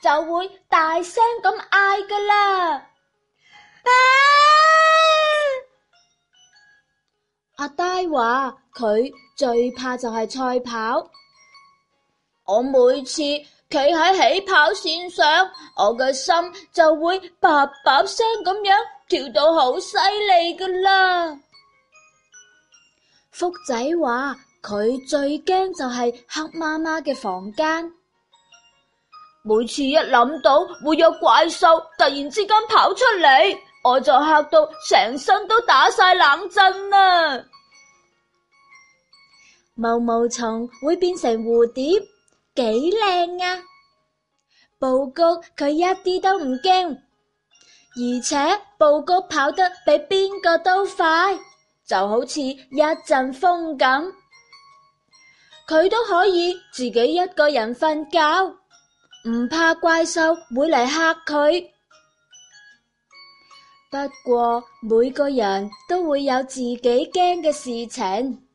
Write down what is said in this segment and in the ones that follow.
就會大聲咁嗌噶啦！啊、阿呆話佢最怕就係賽跑，我每次企喺起跑線上，我嘅心就會叭叭聲咁樣跳到好犀利噶啦。福仔話佢最驚就係黑媽媽嘅房間。每次一諗到會有怪獸突然之間跑出嚟，我就嚇到成身都打晒冷震啦、啊。毛毛蟲會變成蝴蝶，幾靚啊！布谷佢一啲都唔驚，而且布谷跑得比邊個都快，就好似一陣風咁。佢都可以自己一個人瞓覺。唔怕怪獸會嚟嚇佢。不過每個人都會有自己驚嘅事情，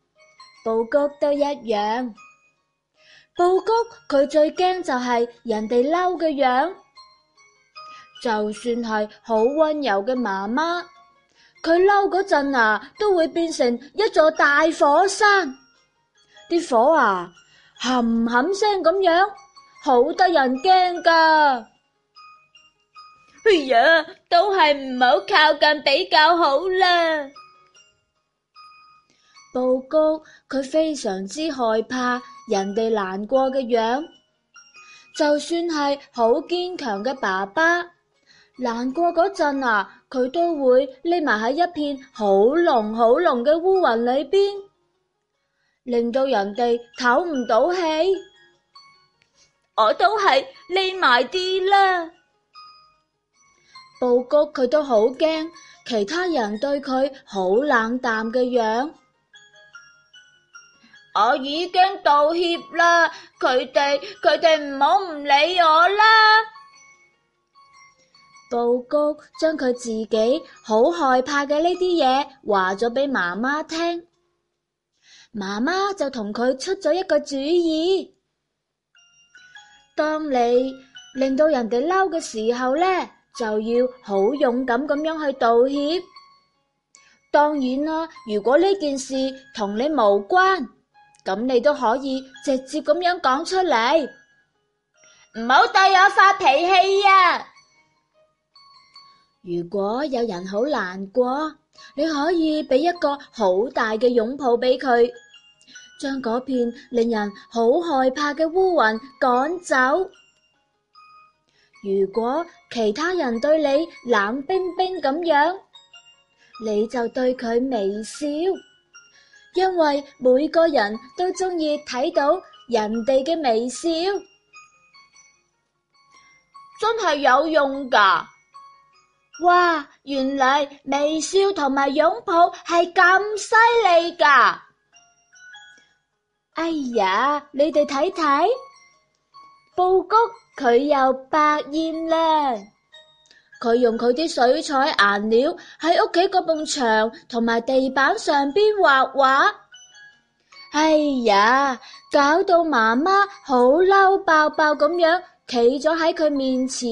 布谷都一樣。布谷佢最驚就係人哋嬲嘅樣。就算係好溫柔嘅媽媽，佢嬲嗰陣啊，都會變成一座大火山。啲火啊，冚冚聲咁樣。好得人驚噶，哎呀，都係唔好靠近比較好啦。報告，佢非常之害怕人哋難過嘅樣，就算係好堅強嘅爸爸，難過嗰陣啊，佢都會匿埋喺一片好濃好濃嘅烏雲裏邊，令到人哋唞唔到氣。我都係匿埋啲啦。布谷佢都好驚，其他人對佢好冷淡嘅樣。我已經道歉啦，佢哋佢哋唔好唔理我啦。布谷將佢自己好害怕嘅呢啲嘢話咗俾媽媽聽，媽媽就同佢出咗一個主意。當你令到人哋嬲嘅時候呢，就要好勇敢咁樣去道歉。當然啦，如果呢件事同你無關，咁你都可以直接咁樣講出嚟，唔好對我發脾氣呀啊！如果有人好難過，你可以俾一個好大嘅擁抱俾佢。將嗰片令人好害怕嘅烏雲趕走。如果其他人對你冷冰冰咁樣，你就對佢微笑，因為每個人都中意睇到人哋嘅微笑。真係有用㗎！哇！原來微笑同埋擁抱係咁犀利㗎。哎呀，你哋睇睇，布谷佢又百厭啦！佢用佢啲水彩顏料喺屋企嗰埲牆同埋地板上邊畫畫。哎呀，搞到媽媽好嬲爆爆咁樣，企咗喺佢面前。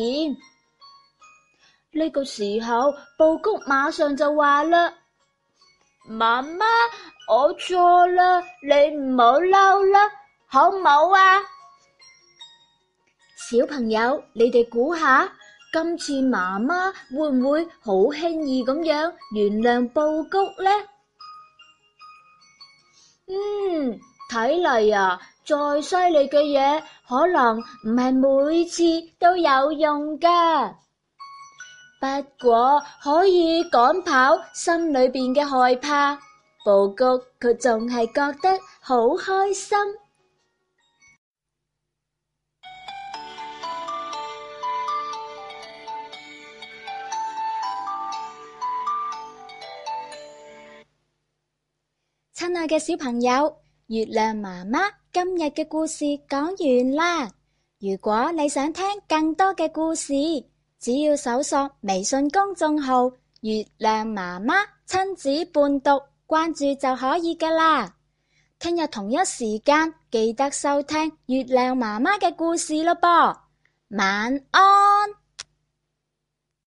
呢個時候，布谷馬上就話啦：媽媽。我錯啦，你唔好嬲啦，好冇啊？小朋友，你哋估下，今次媽媽會唔會好輕易咁樣原諒布谷呢？嗯，睇嚟啊，再犀利嘅嘢，可能唔係每次都有用噶不過可以趕跑心裏邊嘅害怕。布穀，佢仲係覺得好開心。親愛嘅小朋友，月亮媽媽今日嘅故事講完啦。如果你想聽更多嘅故事，只要搜索微信公眾號“月亮媽媽親子伴讀”。關注就可以噶啦，聽日同一時間記得收聽月亮媽媽嘅故事咯噃，晚安。